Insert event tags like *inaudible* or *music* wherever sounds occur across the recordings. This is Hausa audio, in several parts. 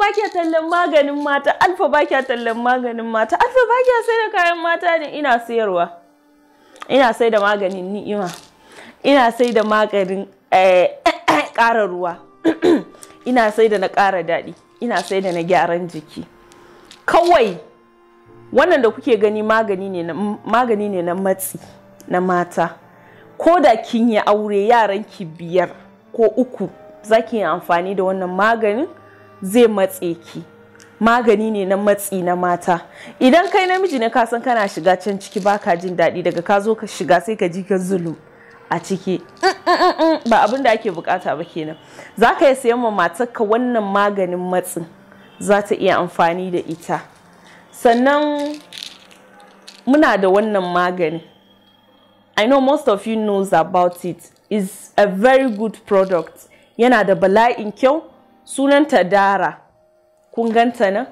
alfa ba kya tallan maganin mata alfa ba kya tallan maganin mata alfa ba kya sai da kayan mata ne ina sayarwa ina sai da maganin ni'ima ina sai da maganin eh, *coughs* ƙara ruwa *coughs* ina sai da na ƙara daɗi ina sai da na gyaran jiki kawai wannan da kuke gani magani ne na matsi na mata ko da kin yi aure yaran ki biyar ko uku za ki yi amfani da wannan maganin zai matse ki magani ne na matsi na mata idan kai namiji ne kasan kana shiga can ciki baka jin daɗi daga ka zo ka shiga sai ka ji ka zulu a ciki ba abin da ake bukata ba kenan za ka yi sayan ma matarka wannan maganin matsi za ta iya amfani da ita sannan muna da wannan magani i know most of you knows about it is a very good product yana da bala'in kyau sunanta dara kun ganta nan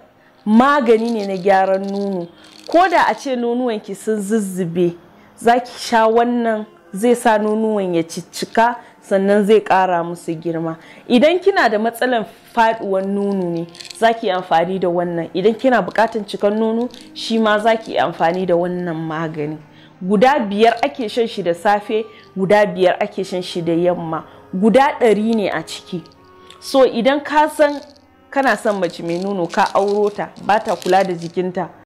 magani ne na gyaran nono ko da a ce ki sun zuzzube za ki sha wannan zai sa nonuwan ya ciccika sannan zai ƙara musu girma idan kina da matsalan faduwan nono ne za ki amfani da wannan idan kina buƙatar cikan nono shi ma za ki amfani da wannan magani guda biyar ake shan shi da safe guda biyar ake shan shi da yamma guda ɗari ne a ciki so idan ka san kana son mace mai nuno ka auro ta ba ta kula da jikinta